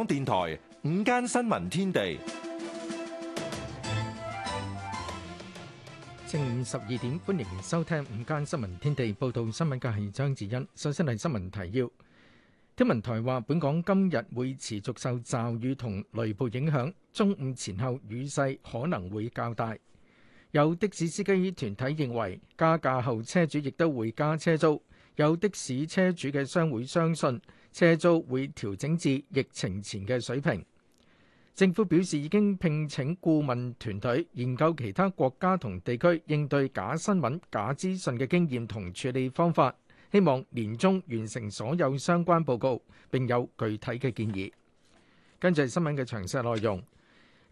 香港電台午間新聞天地，正午十二點，歡迎收聽午間新聞天地。報道新聞嘅係張智欣。首先係新聞提要。天文台話，本港今日會持續受驟雨同雷暴影響，中午前後雨勢可能會較大。有的士司機團體認為加價後車主亦都會加車租，有的士車主嘅商會相信。車租會調整至疫情前嘅水平。政府表示已經聘請顧問團隊研究其他國家同地區應對假新聞、假資訊嘅經驗同處理方法，希望年終完成所有相關報告，並有具體嘅建議。跟住新聞嘅詳細內容，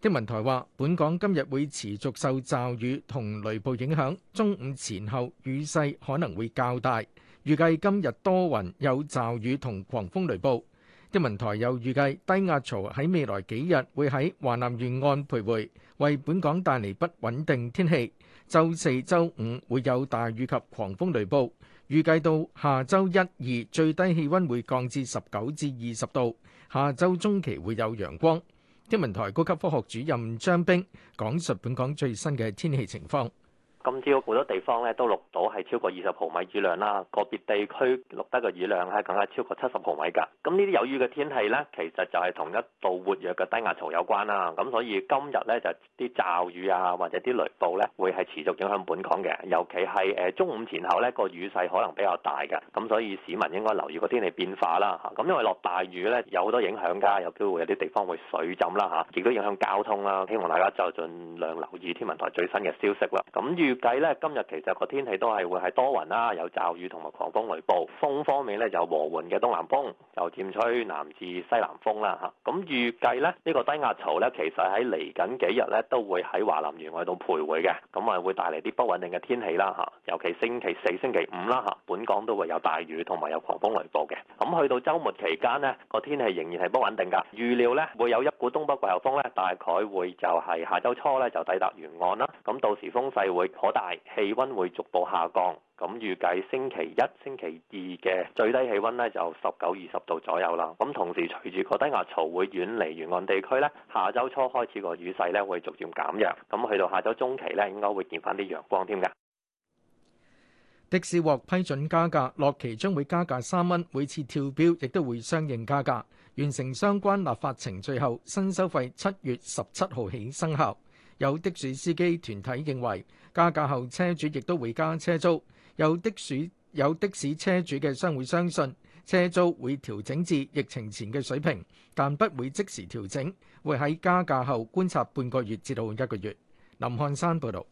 天文台話本港今日會持續受驟雨同雷暴影響，中午前後雨勢可能會較大。預計今日多雲有驟雨同狂風雷暴。天文台又預計低壓槽喺未來幾日會喺華南沿岸徘徊，為本港帶嚟不穩定天氣。週四、週五會有大雨及狂風雷暴。預計到下週一、二最低氣溫會降至十九至二十度。下周中期會有陽光。天文台高級科學主任張冰講述本港最新嘅天氣情況。今朝好多地方咧都錄到係超過二十毫米雨量啦，個別地區錄得嘅雨量係更加超過七十毫米㗎。咁呢啲有雨嘅天氣咧，其實就係同一度活躍嘅低壓槽有關啦。咁所以今日咧就啲驟雨啊，或者啲雷暴咧，會係持續影響本港嘅，尤其係誒中午前後咧個雨勢可能比較大嘅。咁所以市民應該留意個天氣變化啦。嚇，咁因為落大雨咧有好多影響㗎，有機會有啲地方會水浸啦嚇，亦、啊、都影響交通啦。希望大家就盡量留意天文台最新嘅消息啦。咁預計咧，今日其實個天氣都係會係多雲啦，有驟雨同埋狂風雷暴。風方面咧，就和緩嘅東南風，又漸吹南至西南風啦嚇。咁預計咧，呢個低壓槽咧，其實喺嚟緊幾日咧，都會喺華南沿海度徘徊嘅，咁啊會帶嚟啲不穩定嘅天氣啦嚇。尤其星期四、星期五啦嚇，本港都會有大雨同埋有狂風雷暴嘅。咁去到週末期間呢，個天氣仍然係不穩定噶。預料呢，會有一股東北季候風咧，大概會就係下周初咧就抵達沿岸啦。咁到時風勢會可大氣温會逐步下降，咁預計星期一、星期二嘅最低氣温呢就十九、二十度左右啦。咁同時，隨住個低壓槽會遠離沿岸地區呢，下周初開始個雨勢呢會逐漸減弱，咁去到下周中期呢，應該會見翻啲陽光添㗎。的士獲批准加價，落旗將會加價三蚊，每次跳標亦都會相應加價。完成相關立法程序後，新收費七月十七號起生效。有的士司機團體認為。加價後，車主亦都會加車租。有的士有的士車主嘅商會相信車租會調整至疫情前嘅水平，但不會即時調整，會喺加價後觀察半個月至到一個月。林漢山報導。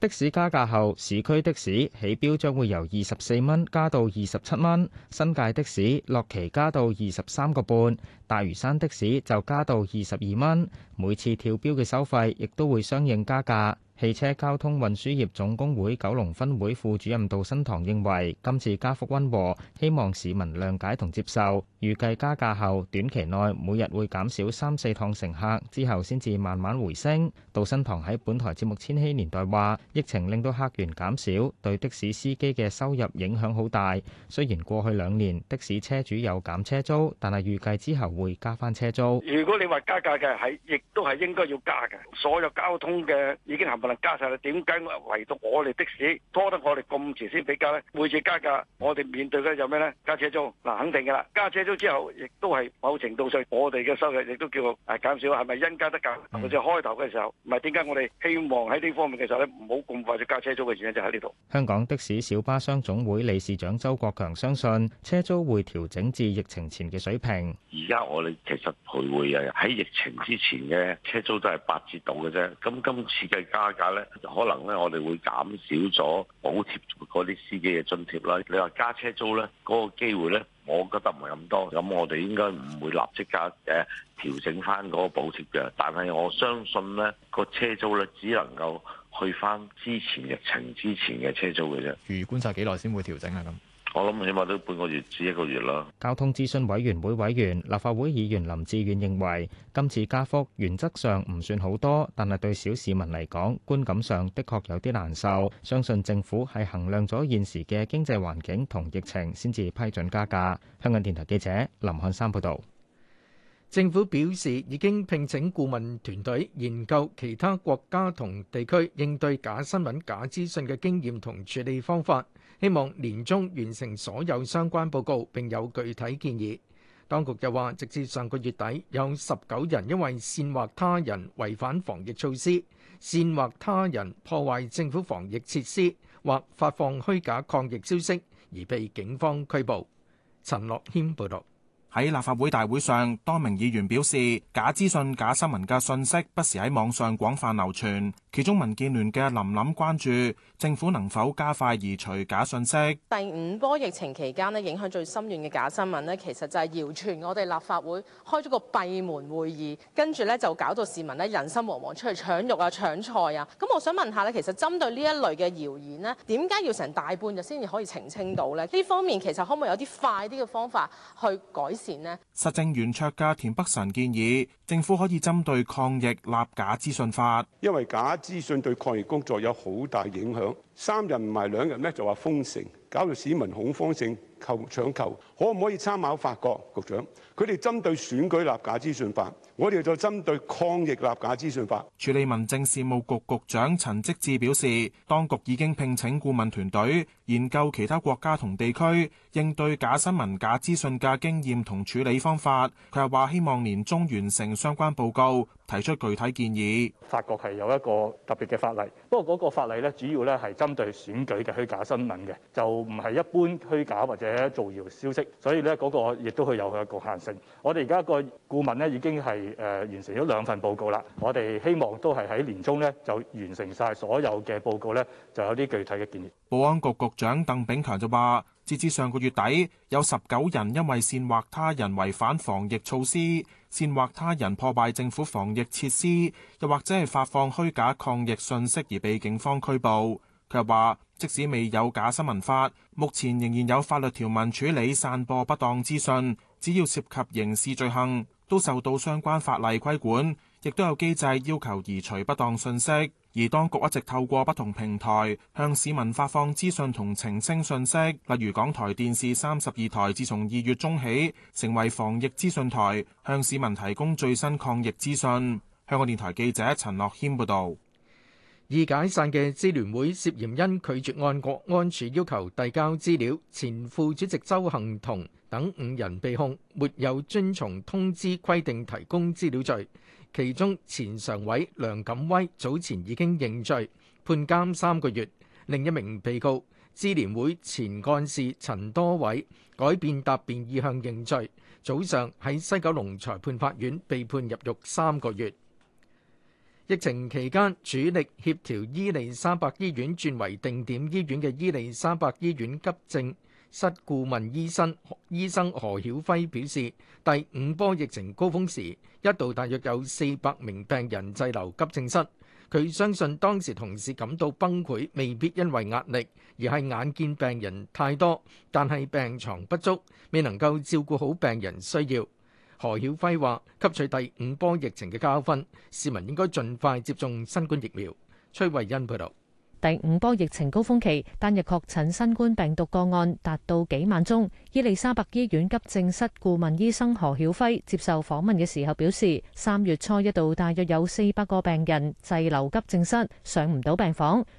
的士加價後，市區的士起標將會由二十四蚊加到二十七蚊，新界的士落旗加到二十三個半，大嶼山的士就加到二十二蚊。每次跳標嘅收費亦都會相應加價。汽車交通運輸業總工會九龍分會副主任杜新堂認為，今次加幅溫和，希望市民諒解同接受。預計加價後短期內每日會減少三四趟乘客，之後先至慢慢回升。杜新堂喺本台節目《千禧年代》話，疫情令到客源減少，對的士司機嘅收入影響好大。雖然過去兩年的士車主有減車租，但係預計之後會加返車租。如果你話加價嘅係，亦都係應該要加嘅。所有交通嘅已經係。加曬啦？點解唯獨我哋的士拖得我哋咁遲先畀價呢？每次加價，我哋面對嘅就咩呢？加車租嗱，肯定噶啦！加車租之後，亦都係某程度上我哋嘅收入亦都叫做誒減少，係咪因加得價？或者開頭嘅時候，唔係點解我哋希望喺呢方面嘅時候呢？唔好咁快就加車租嘅原因就喺呢度。香港的士小巴商總會理事長周國強相信車租會調整至疫情前嘅水平。而家我哋其實徘徊喺疫情之前嘅車租都係八折度嘅啫。咁今次嘅價架咧，可能咧，我哋會減少咗補貼嗰啲司機嘅津貼啦。你話加車租咧，嗰個機會咧，我覺得唔係咁多。咁我哋應該唔會立即加誒調整翻嗰個補貼嘅。但係我相信咧，個車租咧，只能夠去翻之前疫情之前嘅車租嘅啫。如觀察幾耐先會調整啊？咁。我諗起碼都半個月至一個月啦。交通諮詢委員會委員、立法會議員林志遠認為，今次加幅原則上唔算好多，但係對小市民嚟講，觀感上的確有啲難受。相信政府係衡量咗現時嘅經濟環境同疫情先至批准加價。香港電台記者林漢山報導。政府表示已經聘請顧問團隊研究其他國家同地區應對假新聞、假資訊嘅經驗同處理方法。希望年中完成所有相關報告並有具體建議。當局又話，直至上個月底，有十九人因為煽惑他人違反防疫措施、煽惑他人破壞政府防疫設施或發放虛假抗疫消息而被警方拘捕。陳樂軒報導。喺立法會大會上，多名議員表示假資訊、假新聞嘅信息不時喺網上廣泛流傳。其中，民建聯嘅林琳關注政府能否加快移除假信息。第五波疫情期間咧，影響最深遠嘅假新聞呢，其實就係謠傳我哋立法會開咗個閉門會議，跟住咧就搞到市民咧人心惶惶，出去搶肉啊、搶菜啊。咁我想問下呢，其實針對呢一類嘅謠言呢，點解要成大半日先至可以澄清到呢？呢方面其實可唔可以有啲快啲嘅方法去改？實政圓桌，田北辰建議政府可以針對抗疫立假資訊法，因為假資訊對抗疫工作有好大影響。三日唔係兩日，呢就話封城。搞到市民恐慌性求搶購，可唔可以參考法國局長，佢哋針對選舉立假資訊法，我哋就針對抗疫立假資訊法。處理民政事務局局，局長陳積志表示，當局已經聘請顧問團隊研究其他國家同地區應對假新聞假資訊嘅經驗同處理方法。佢又話希望年終完成相關報告。提出具體建議，法國係有一個特別嘅法例，不過嗰個法例咧，主要咧係針對選舉嘅虛假新聞嘅，就唔係一般虛假或者造謠消息，所以咧嗰個亦都係有佢嘅局限性。我哋而家個顧問咧已經係誒完成咗兩份報告啦，我哋希望都係喺年中咧就完成晒所有嘅報告咧，就有啲具體嘅建議。保安局局長鄧炳強就話。截至上個月底，有十九人因為煽惑他人違反防疫措施、煽惑他人破壞政府防疫設施，又或者係發放虛假抗疫訊息而被警方拘捕。佢又話，即使未有假新聞法，目前仍然有法律條文處理散播不當資訊，只要涉及刑事罪行，都受到相關法例規管。亦都有機制要求移除不當信息，而當局一直透過不同平台向市民發放資訊同澄清信息。例如，港台電視三十二台自從二月中起成為防疫資訊台，向市民提供最新抗疫資訊，香港電台記者陳樂謙報道。已解散嘅支聯會涉嫌因拒絕按國安處要求遞交資料，前副主席鄒幸彤等五人被控沒有遵從通知規定提供資料罪。其中前常委梁錦威早前已經認罪，判監三個月。另一名被告支聯會前幹事陳多偉改變答辯意向認罪，早上喺西九龍裁判法院被判入獄三個月。疫情期間主力協調伊利沙伯醫院轉為定點醫院嘅伊利沙伯醫院急症室顧問醫生，醫生何曉輝表示，第五波疫情高峰時一度大約有四百名病人滯留急症室。佢相信當時同事感到崩潰，未必因為壓力，而係眼見病人太多，但係病床不足，未能夠照顧好病人需要。何曉輝話：吸取第五波疫情嘅教訓，市民應該盡快接種新冠疫苗。崔慧欣報道。第五波疫情高峰期，單日確診新冠病毒個案達到幾萬宗。伊利沙伯醫院急症室顧問醫生何曉輝接受訪問嘅時候表示，三月初一度大約有四百個病人滯留急症室，上唔到病房。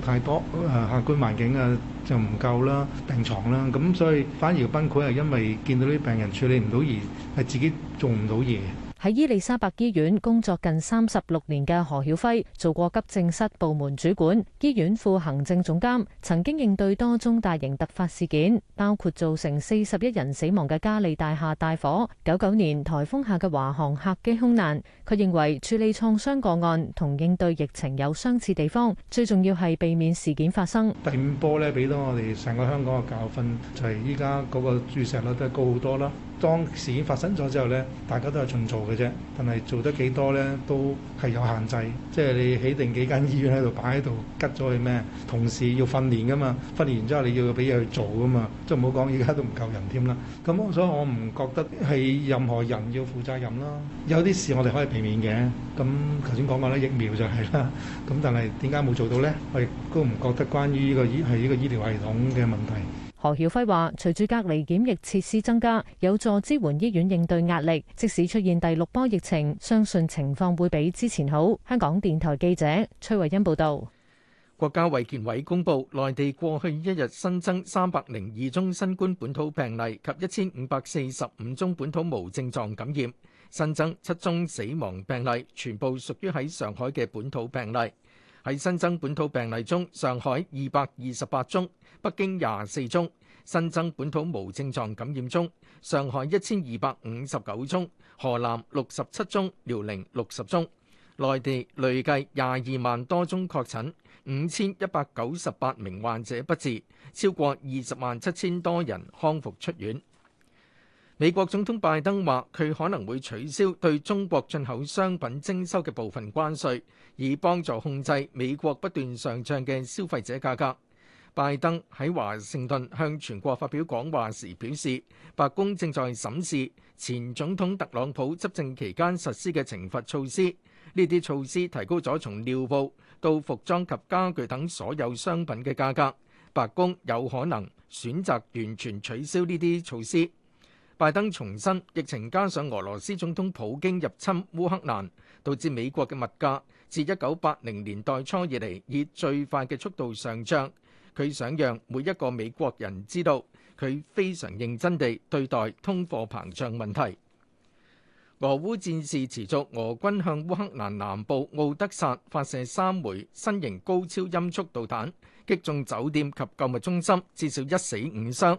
太多誒，客觀環境啊，就唔夠啦，病床啦，咁所以反而崩潰，係因為見到啲病人處理唔到而係自己做唔到嘢。喺伊利沙伯醫院工作近三十六年嘅何曉輝，做過急症室部門主管、醫院副行政總監，曾經應對多宗大型突發事件，包括造成四十一人死亡嘅嘉利大廈大火、九九年台風下嘅華航客機空難。佢認為處理創傷個案同應對疫情有相似地方，最重要係避免事件發生。第五波呢，俾到我哋成個香港嘅教訓就係，依家嗰個注射率都係高好多啦。當事件發生咗之後咧，大家都係盡做嘅啫，但係做得幾多咧都係有限制，即係你起定幾間醫院喺度擺喺度，吉咗去咩？同時要訓練噶嘛，訓練完之後你要俾嘢去做噶嘛，即係唔好講而家都唔夠人添啦。咁所以我唔覺得係任何人要負責任啦。有啲事我哋可以避免嘅，咁頭先講過咧，疫苗就係啦。咁但係點解冇做到咧？我亦都唔覺得關於呢個醫係呢個醫療系統嘅問題。何曉輝話：隨住隔離檢疫設施增加，有助支援醫院應對壓力，即使出現第六波疫情，相信情況會比之前好。香港電台記者崔慧欣報道。國家衛健委公佈，內地過去一日新增三百零二宗新冠本土病例及一千五百四十五宗本土無症狀感染，新增七宗死亡病例，全部屬於喺上海嘅本土病例。喺新增本土病例中，上海二百二十八宗，北京廿四宗；新增本土無症狀感染中，上海一千二百五十九宗，河南六十七宗，遼寧六十宗。內地累計廿二萬多宗確診，五千一百九十八名患者不治，超過二十萬七千多人康復出院。美國總統拜登話，佢可能會取消對中國進口商品徵收嘅部分關稅，以幫助控制美國不斷上漲嘅消費者價格。拜登喺華盛頓向全國發表講話時表示，白宮正在審視前總統特朗普執政期間實施嘅懲罰措施。呢啲措施提高咗從尿布到服裝及家具等所有商品嘅價格。白宮有可能選擇完全取消呢啲措施。拜登重申，疫情加上俄羅斯總統普京入侵烏克蘭，導致美國嘅物價自一九八零年代初以嚟以最快嘅速度上漲。佢想讓每一個美國人知道，佢非常認真地對待通貨膨脹問題。俄烏戰事持續，俄軍向烏克蘭南部敖德薩發射三枚新型高超音速導彈，擊中酒店及購物中心，至少一死五傷。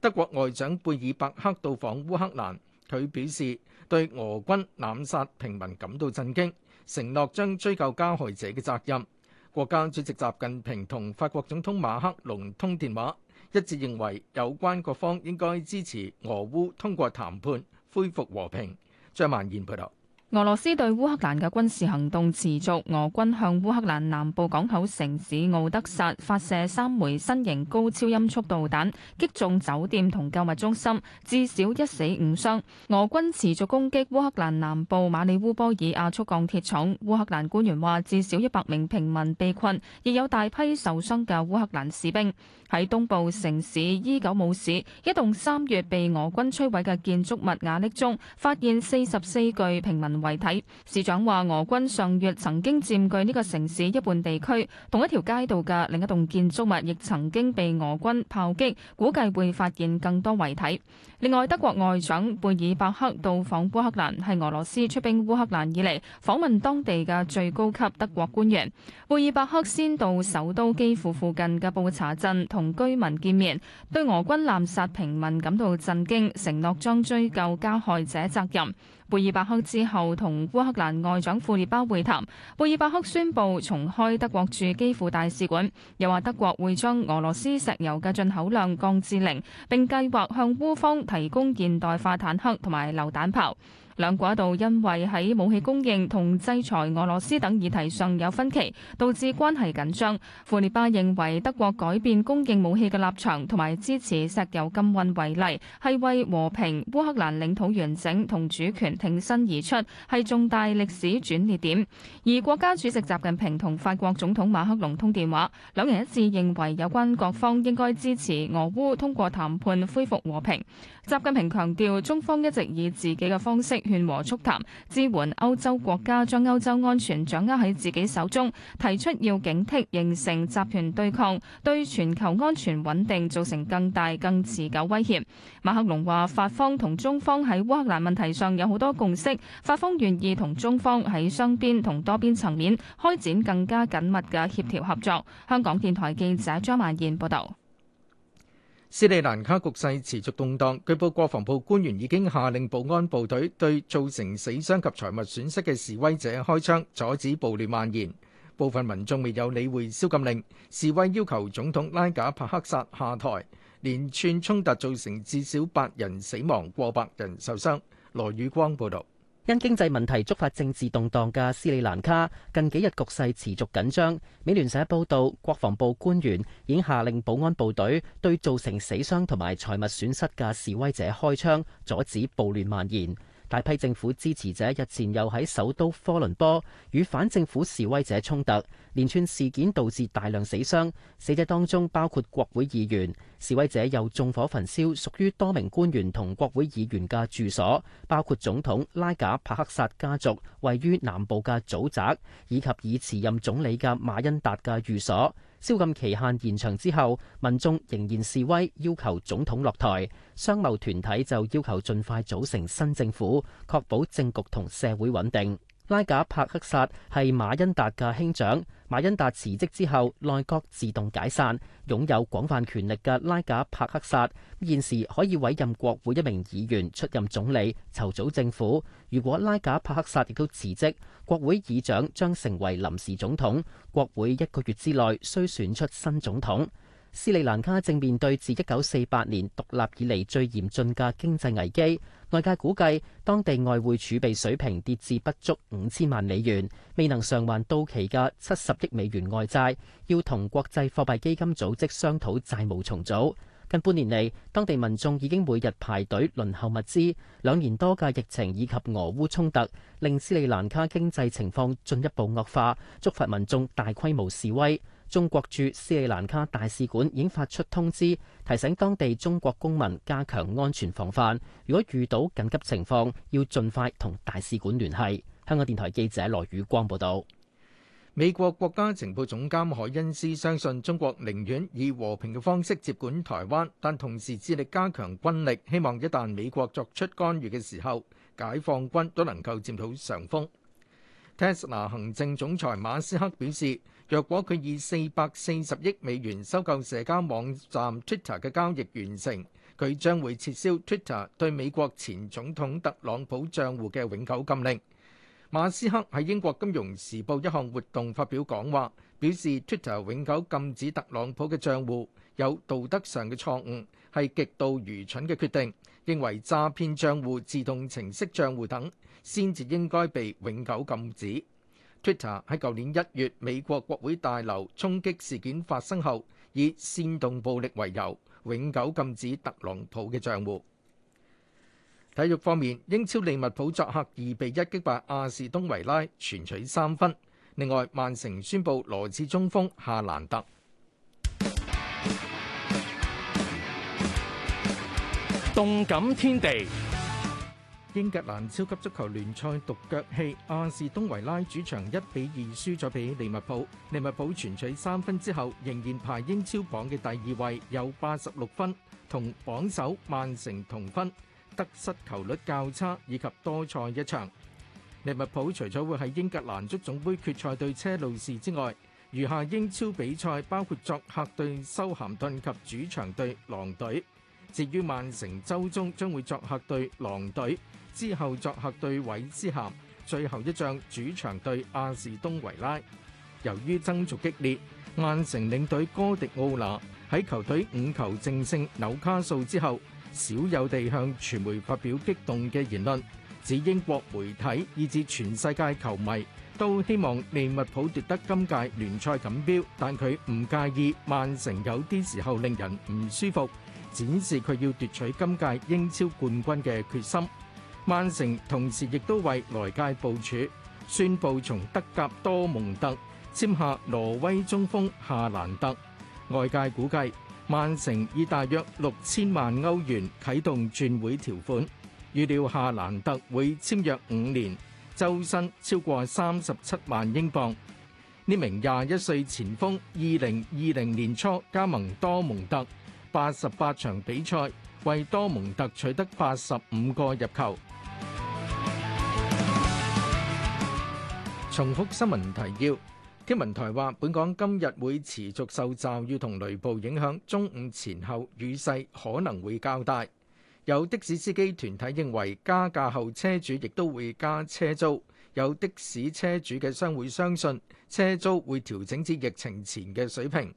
德國外長貝爾伯克到訪烏克蘭，佢表示對俄軍濫殺平民感到震驚，承諾將追究加害者嘅責任。國家主席習近平同法國總統馬克龍通電話，一致認為有關各方應該支持俄烏通過談判恢復和平。張曼燕報道。俄羅斯對烏克蘭嘅軍事行動持續，俄軍向烏克蘭南部港口城市敖德薩發射三枚新型高超音速導彈，擊中酒店同購物中心，至少一死五傷。俄軍持續攻擊烏克蘭南部馬里烏波爾亞速鋼鐵廠。烏克蘭官員話，至少一百名平民被困，亦有大批受傷嘅烏克蘭士兵喺東部城市伊久姆市一棟三月被俄軍摧毀嘅建築物瓦礫中，發現四十四具平民遺體。市長話，俄軍上月曾經佔據呢個城市一半地區，同一條街道嘅另一棟建築物亦曾經被俄軍炮擊，估計會發現更多遺體。另外，德國外長貝爾伯克到訪烏克蘭，係俄羅斯出兵烏克蘭以嚟訪問當地嘅最高級德國官員。貝爾伯克先到首都基輔附近嘅布查鎮同居民見面，對俄軍濫殺平民感到震驚，承諾將追究加害者責任。貝爾伯克之後同烏克蘭外長庫列巴會談，貝爾伯克宣布重開德國駐基輔大使館，又話德國會將俄羅斯石油嘅進口量降至零，並計劃向烏方提供現代化坦克同埋榴彈炮。兩國一度因為喺武器供應同制裁俄羅斯等議題上有分歧，導致關係緊張。庫列巴認為德國改變供應武器嘅立場同埋支持石油禁運為例，係為和平、烏克蘭領土完整同主權挺身而出，係重大歷史轉捩點。而國家主席習近平同法國總統馬克龍通電話，兩人一致認為有關各方應該支持俄烏通過談判恢復和平。習近平強調，中方一直以自己嘅方式勸和促談，支援歐洲國家將歐洲安全掌握喺自己手中，提出要警惕形成集團對抗，對全球安全穩定造成更大、更持久威脅。馬克龍話，法方同中方喺烏克蘭問題上有好多共識，法方願意同中方喺雙邊同多邊層面開展更加緊密嘅協調合作。香港電台記者張曼燕報道。斯里蘭卡局勢持續動盪，據報國防部官員已經下令保安部隊對造成死傷及財物損失嘅示威者開槍，阻止暴亂蔓延。部分民眾未有理會宵禁令，示威要求總統拉賈帕克薩下台。連串衝突造成至少八人死亡，過百人受傷。羅宇光報道。因經濟問題觸發政治動盪嘅斯里蘭卡，近幾日局勢持續緊張。美聯社報道，國防部官員已經下令保安部隊對造成死傷同埋財物損失嘅示威者開槍，阻止暴亂蔓延。大批政府支持者日前又喺首都科倫坡與反政府示威者衝突，連串事件導致大量死傷，死者當中包括國會議員。示威者又縱火焚燒屬於多名官員同國會議員嘅住所，包括總統拉賈帕克薩家族位於南部嘅祖宅，以及已辭任總理嘅馬欣達嘅寓所。宵禁期限延長之後，民眾仍然示威要求總統落台。商貿團體就要求盡快組成新政府，確保政局同社會穩定。拉賈帕克薩係馬恩達嘅兄長。馬欣達辭職之後，內閣自動解散，擁有廣泛權力嘅拉賈帕克薩現時可以委任國會一名議員出任總理，籌組政府。如果拉賈帕克薩亦都辭職，國會議長將成為臨時總統，國會一個月之內需選出新總統。斯里蘭卡正面對自一九四八年獨立以嚟，最嚴峻嘅經濟危機，外界估計當地外匯儲備水平跌至不足五千萬美元，未能償還到期嘅七十億美元外債，要同國際貨幣基金組織商討債，債務重組。近半年嚟，當地民眾已經每日排隊輪候物資，兩年多嘅疫情以及俄烏衝突，令斯里蘭卡經濟情況進一步惡化，觸發民眾大規模示威。中國駐斯里蘭卡大使館已經發出通知，提醒當地中國公民加強安全防範。如果遇到緊急情況，要盡快同大使館聯繫。香港電台記者羅宇光報道。美國國家情報總監海恩斯相信，中國寧願以和平嘅方式接管台灣，但同時致力加強軍力，希望一旦美國作出干預嘅時候，解放軍都能夠佔到上風。Tesla 行政總裁馬斯克表示。若果佢以四百四十億美元收購社交網站 Twitter 嘅交易完成，佢將會撤銷 Twitter 對美國前總統特朗普賬戶嘅永久禁令。馬斯克喺英國金融時報一項活動發表講話，表示 Twitter 永久禁止特朗普嘅賬戶，有道德上嘅錯誤，係極度愚蠢嘅決定，認為詐騙賬戶、自動程式賬戶等先至應該被永久禁止。Twitter 喺舊年一月美國國會大樓衝擊事件發生後，以煽動暴力為由，永久禁止特朗普嘅賬戶。體育方面，英超利物浦作客二比一擊敗亞士東維拉，全取三分。另外，曼城宣布羅致中鋒夏蘭特。動感天地。英格蘭超級足球聯賽獨腳戲，阿士東維拉主場一比二輸咗俾利物浦，利物浦全取三分之後仍然排英超榜嘅第二位，有八十六分，同榜首曼城同分，得失球率較差，以及多賽一場。利物浦除咗會喺英格蘭足總盃決賽對車路士之外，餘下英超比賽包括作客對修咸頓及主場對狼隊。至於曼城，周中將會作客對狼隊。之後作客對韋斯咸，最後一仗主場對亞士東維拉。由於爭逐激烈，曼城領隊哥迪奧拿喺球隊五球淨勝紐卡素之後，少有地向傳媒發表激動嘅言論，指英國媒體以至全世界球迷都希望利物浦奪得今屆聯賽錦標，但佢唔介意曼城有啲時候令人唔舒服，展示佢要奪取今屆英超冠軍嘅決心。曼城同時亦都為來屆部署，宣布從德甲多蒙特簽下挪威中鋒夏蘭特。外界估計，曼城以大約六千萬歐元啟動轉會條款，預料夏蘭特會簽約五年，周薪超過三十七萬英鎊。呢名廿一歲前鋒，二零二零年初加盟多蒙特，八十八場比賽為多蒙特取得八十五個入球。重複新聞提要。天文台話，本港今日會持續受驟雨同雷暴影響，中午前後雨勢可能會較大。有的士司機團體認為加價後車主亦都會加車租，有的士車主嘅商會相信車租會調整至疫情前嘅水平。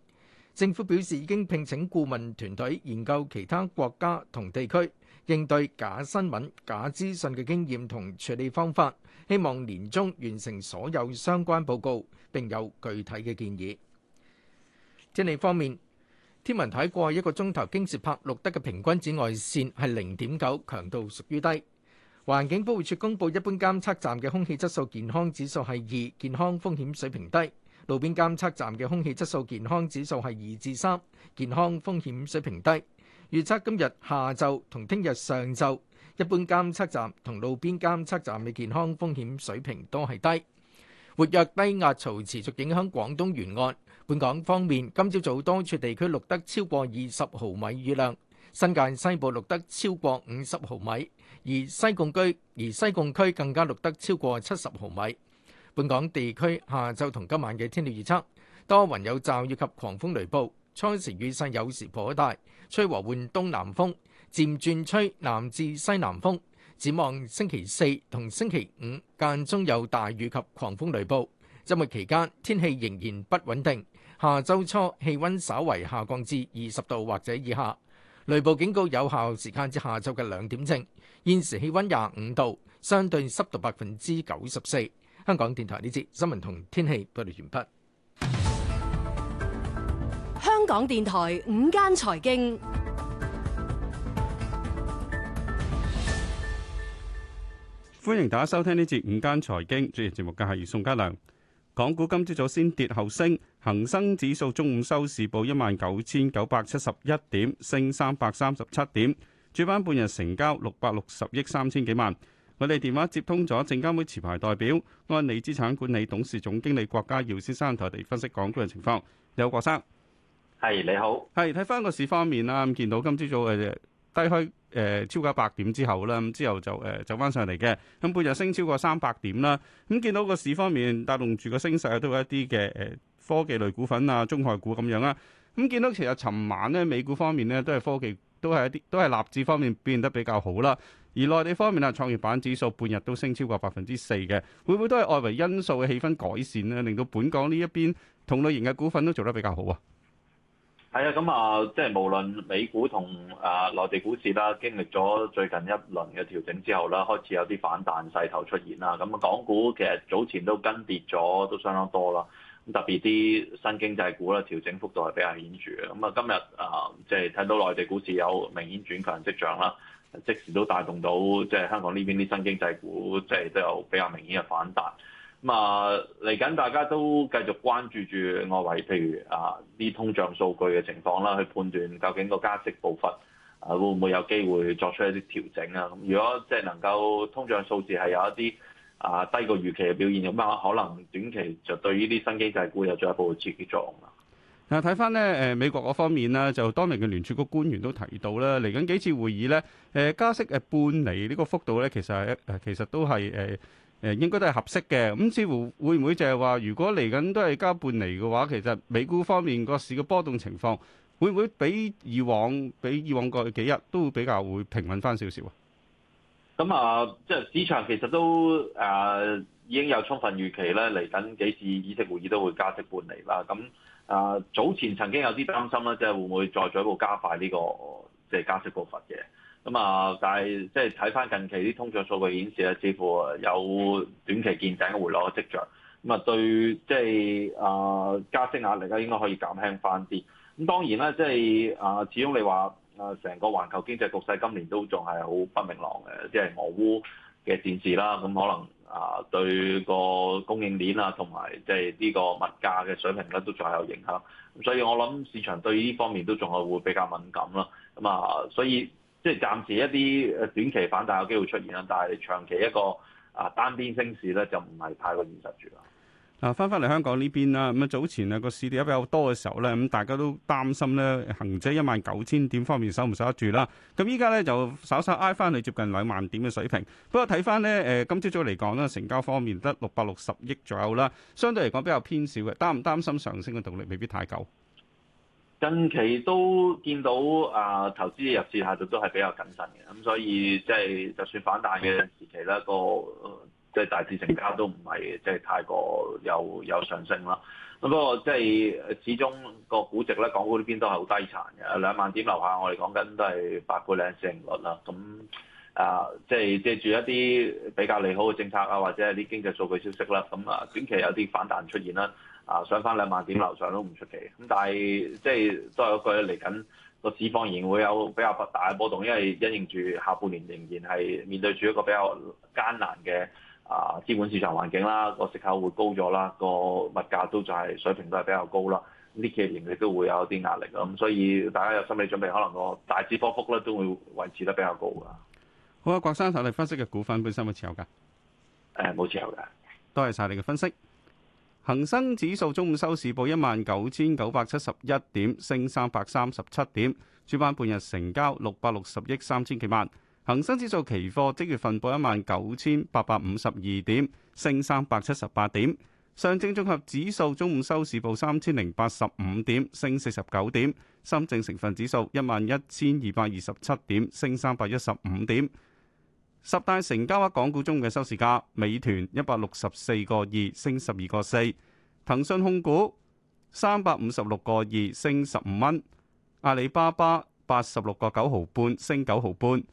政府表示已經聘請顧問團隊研究其他國家同地區應對假新聞、假資訊嘅經驗同處理方法，希望年終完成所有相關報告並有具體嘅建議。天氣方面，天文台過去一個鐘頭京士柏錄得嘅平均紫外線係零點九，強度屬於低。環境保護署公布一般監測站嘅空氣質素健康，健康指數係二，健康風險水平低。路邊監測站嘅空氣質素健康指數係二至三，健康風險水平低。預測今日下晝同聽日上晝，一般監測站同路邊監測站嘅健康風險水平都係低。活躍低壓槽持續影響廣東沿岸。本港方面，今朝早多處地區錄得超過二十毫米雨量，新界西部錄得超過五十毫米，而西貢區而西貢區更加錄得超過七十毫米。本港地區下晝同今晚嘅天氣預測，多雲有驟雨及狂風雷暴。初時雨勢有時頗大，吹和緩東南風，漸轉吹南至西南風。展望星期四同星期五間中有大雨及狂風雷暴，週末期間天氣仍然不穩定。下周初氣温稍為下降至二十度或者以下。雷暴警告有效時間至下晝嘅兩點正。現時氣温廿五度，相對濕度百分之九十四。香港電台呢節新聞同天氣報告完畢。港電台午間財經，歡迎大家收聽呢節午間財經。主持節目嘅係宋嘉良。港股今朝早先跌後升，恒生指數中午收市報一萬九千九百七十一點，升三百三十七點。主板半日成交六百六十億三千幾萬。我哋電話接通咗證監會持牌代表安利資產管理董事總經理郭家耀先生同我哋分析港股嘅情況。有郭生。係你好，係睇翻個市方面啦。咁見到今朝早誒低開誒、呃、超過百點之後啦，咁之後就誒、呃、走翻上嚟嘅。咁半日升超過三百點啦。咁見到個市方面帶動住個升勢，都有一啲嘅誒科技類股份啊、中概股咁樣啦。咁見到其實尋晚咧，美股方面咧都係科技都係一啲都係納指方面變得比較好啦。而內地方面啊，創業板指數半日都升超過百分之四嘅，會唔會都係外圍因素嘅氣氛改善咧，令到本港呢一邊同類型嘅股份都做得比較好啊？係啊，咁啊，即係無論美股同啊內地股市啦，經歷咗最近一輪嘅調整之後啦，開始有啲反彈勢頭出現啦。咁啊，港股其實早前都跟跌咗，都相當多啦。咁特別啲新經濟股啦，調整幅度係比較顯著嘅。咁啊，今日啊，即係睇到內地股市有明顯轉強跡象啦，即時都帶動到即係香港呢邊啲新經濟股，即係都有比較明顯嘅反彈。咁啊，嚟緊、嗯、大家都繼續關注住外圍，譬如啊啲通脹數據嘅情況啦，去判斷究竟個加息步伐啊會唔會有機會作出一啲調整啊？咁如果即係能夠通脹數字係有一啲啊低過預期嘅表現，咁啊可能短期就對呢啲新經濟股有進一步刺激作用啦。嗱，睇翻呢誒美國嗰方面咧，就多名嘅聯儲局官員都提到啦，嚟緊幾次會議呢，誒加息誒半釐呢個幅度呢，其實係其實都係誒。呃誒應該都係合適嘅，咁似乎會唔會就係話，如果嚟緊都係加半厘嘅話，其實美股方面個市嘅波動情況會唔會比以往比以往過去幾日都會比較會平穩翻少少啊？咁啊，即係市場其實都誒、啊、已經有充分預期咧，嚟緊幾次議息會議都會加息半厘啦。咁啊，早前曾經有啲擔心啦，即係會唔會再進一步加快呢、呢個即係加息步伐嘅？咁啊、嗯！但係即係睇翻近期啲通脹數據顯示咧，似乎有短期見頂回落嘅跡象。咁、嗯、啊，對即係啊、呃、加息壓力咧，應該可以減輕翻啲。咁、嗯、當然啦，即係啊、呃，始終你話啊，成個環球經濟局勢今年都仲係好不明朗嘅，即係俄烏嘅戰事啦。咁、嗯、可能啊、呃，對個供應鏈啊，同埋即係呢個物價嘅水平咧，都仲係有影響。咁所以我諗市場對呢方面都仲係會比較敏感囉。咁、嗯、啊，所以。即係暫時一啲誒短期反彈有機會出現啦，但係你長期一個啊單邊升市咧就唔係太過現實住啦。嗱，翻返嚟香港呢邊啦，咁啊早前啊個市跌得比較多嘅時候咧，咁大家都擔心咧恒指一萬九千點方面守唔守得住啦。咁依家咧就稍稍挨翻去接近兩萬點嘅水平。不過睇翻咧誒今朝早嚟講咧，成交方面得六百六十億左右啦，相對嚟講比較偏少嘅，擔唔擔心上升嘅動力未必太夠。近期都見到啊，投資入市下就都係比較謹慎嘅，咁所以即係、就是、就算反彈嘅時期咧，呢個即係、呃就是、大市成交都唔係即係太過有有上升啦。咁不過即係、就是、始終個估值咧，港股呢邊都係好低殘嘅，兩萬點樓下我，我哋講緊都係八倍個市盈率啦。咁、呃、啊，即係借住一啲比較利好嘅政策啊，或者係啲經濟數據消息啦，咁啊短期有啲反彈出現啦。啊！上翻兩萬點樓上都唔出奇，咁但係即係都係一個嚟緊個市況仍然會有比較幅大嘅波動，因為因應住下半年仍然係面對住一個比較艱難嘅啊資本市場環境啦，個息口會高咗啦，個物價都就係水平都係比較高啦，呢啲企業盈利都會有一啲壓力咁，所以大家有心理準備，可能個大起波幅咧都會維持得比較高噶。好啊，郭生頭你分析嘅股份本身有冇持有㗎？誒、欸，冇持有㗎。多謝晒你嘅分析。恒生指數中午收市報一萬九千九百七十一點，升三百三十七點。主板半日成交六百六十億三千幾萬。恒生指數期貨即月份報一萬九千八百五十二點，升三百七十八點。上證綜合指數中午收市報三千零八十五點，升四十九點。深證成分指數一萬一千二百二十七點，升三百一十五點。十大成交額港股中嘅收市價：美團一百六十四個二升十二個四，騰訊控股三百五十六個二升十五蚊，阿里巴巴八十六個九毫半升九毫半，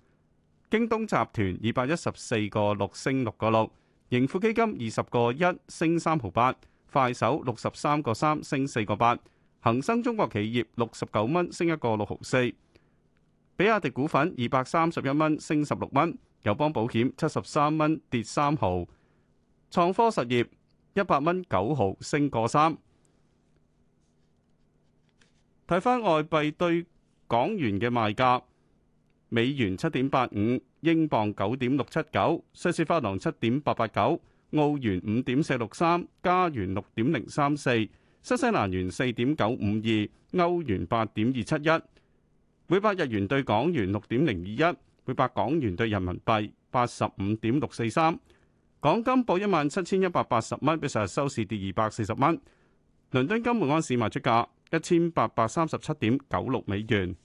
京東集團二百一十四個六升六個六，盈富基金二十個一升三毫八，快手六十三個三升四個八，恒生中國企業六十九蚊升一個六毫四，比亞迪股份二百三十一蚊升十六蚊。友邦保險七十三蚊跌三毫，創科實業一百蚊九毫升個三。睇翻外幣對港元嘅賣價，美元七點八五，英鎊九點六七九，瑞士法郎七點八八九，澳元五點四六三，加元六點零三四，新西蘭元四點九五二，歐元八點二七一，每百日元對港元六點零二一。每百港元兌人民幣八十五點六四三，港金報一萬七千一百八十蚊，比上日收市跌二百四十蚊。倫敦金門安市賣出價一千八百三十七點九六美元。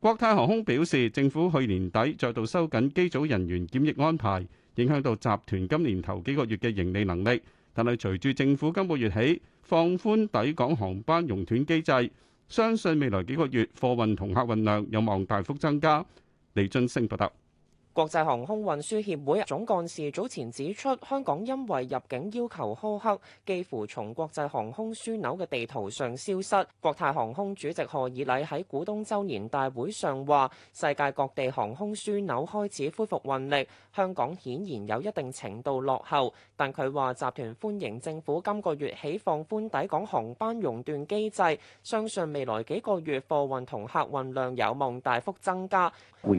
國泰航空表示，政府去年底再度收緊機組人員檢疫安排，影響到集團今年頭幾個月嘅盈利能力。但係隨住政府今個月起放寬抵港航班熔斷機制，相信未來幾個月貨運同客運量有望大幅增加。李俊升報道。國際航空運輸協會總幹事早前指出，香港因為入境要求苛刻，幾乎從國際航空樞紐嘅地圖上消失。國泰航空主席賀以禮喺股東周年大會上話，世界各地航空樞紐開始恢復運力，香港顯然有一定程度落後。但佢話集團歡迎政府今個月起放寬抵港航班熔斷機制，相信未來幾個月貨運同客運量有望大幅增加。We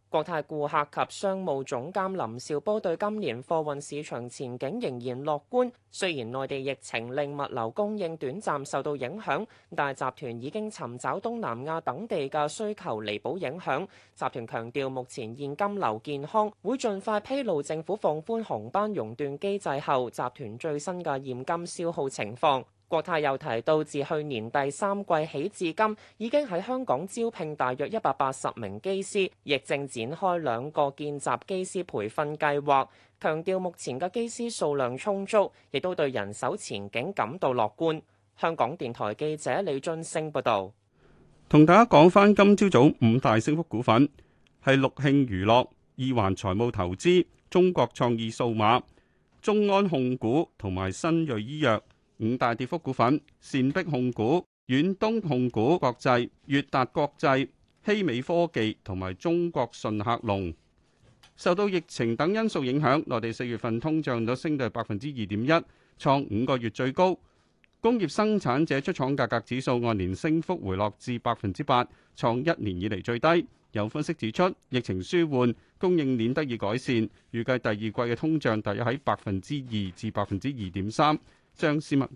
國泰顧客及商務總監林兆波對今年貨運市場前景仍然樂觀，雖然內地疫情令物流供應短暫受到影響，但係集團已經尋找東南亞等地嘅需求彌補影響。集團強調目前現金流健康，會盡快披露政府放寬航班熔斷機制後集團最新嘅現金消耗情況。國泰又提到，自去年第三季起至今，已經喺香港招聘大約一百八十名機師，亦正展開兩個見習機師培訓計劃。強調目前嘅機師數量充足，亦都對人手前景感到樂觀。香港電台記者李津星報導。同大家講返今朝早五大升幅股份係陸慶娛樂、二環財務投資、中國創意數碼、中安控股同埋新瑞醫藥。五大跌幅股份：善壁控股、遠東控股國際、悅達國際、希美科技同埋中國順客隆。受到疫情等因素影響，內地四月份通脹率升到百分之二點一，創五個月最高。工業生產者出廠價格指數按年升幅回落至百分之八，創一年以嚟最低。有分析指出，疫情舒緩，供應鏈得以改善，預計第二季嘅通脹大約喺百分之二至百分之二點三。張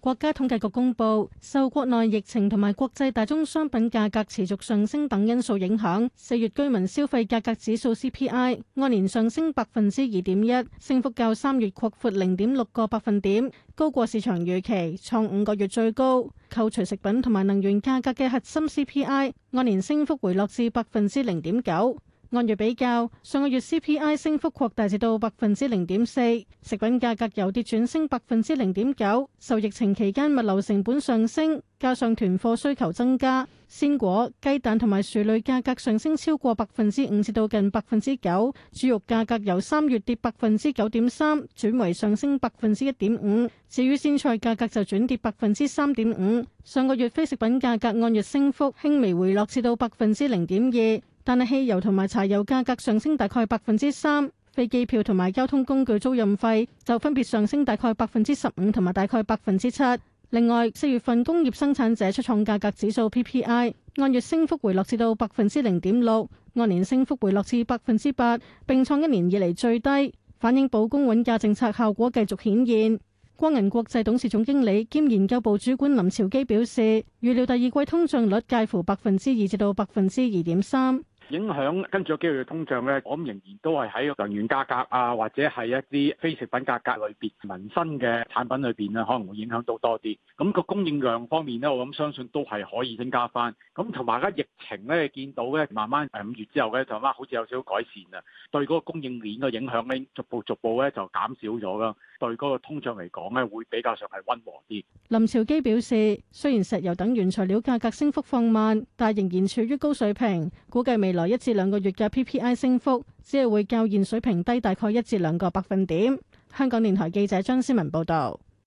國家統計局公布，受國內疫情同埋國際大宗商品價格持續上升等因素影響，四月居民消費價格指數 CPI 按年上升百分之二點一，升幅較三月擴闊零點六個百分點，高過市場預期，創五個月最高。扣除食品同埋能源價格嘅核心 CPI 按年升幅回落至百分之零點九。按月比較，上個月 CPI 升幅擴大至到百分之零點四，食品價格由跌轉升百分之零點九，受疫情期間物流成本上升，加上囤貨需求增加，鮮果、雞蛋同埋薯類價格上升超過百分之五至到近百分之九。豬肉價格由三月跌百分之九點三轉為上升百分之一點五，至於鮮菜價格就轉跌百分之三點五。上個月非食品價格按月升幅輕微回落至到百分之零點二。但係，汽油同埋柴油價格上升大概百分之三，飛機票同埋交通工具租賃費就分別上升大概百分之十五同埋大概百分之七。另外，四月份工業生產者出廠價格指數 PPI 按月升幅回落至到百分之零點六，按年升幅回落至百分之八，並創一年以嚟最低，反映保供穩價政策效果繼續顯現。光銀國際董事總經理兼研究部主管林朝基表示，預料第二季通脹率介乎百分之二至到百分之二點三。影響跟住個基期嘅通脹咧，我諗仍然都係喺能源價格啊，或者係一啲非食品價格裏邊、民生嘅產品裏邊啊，可能會影響到多啲。咁個供應量方面咧，我諗相信都係可以增加翻。咁同埋而家疫情咧，見到咧慢慢五月之後咧，就慢慢好似有少少改善啊，對嗰個供應鏈嘅影響咧，逐步逐步咧就減少咗啦。對嗰個通脹嚟講咧，會比較上係溫和啲。林兆基表示，雖然石油等原材料價格升幅放慢，但仍然處於高水平，估計未 來一至兩個月嘅 PPI 升幅，只係會較現水平低大概一至兩個百分點。香港電台記者張思文報導。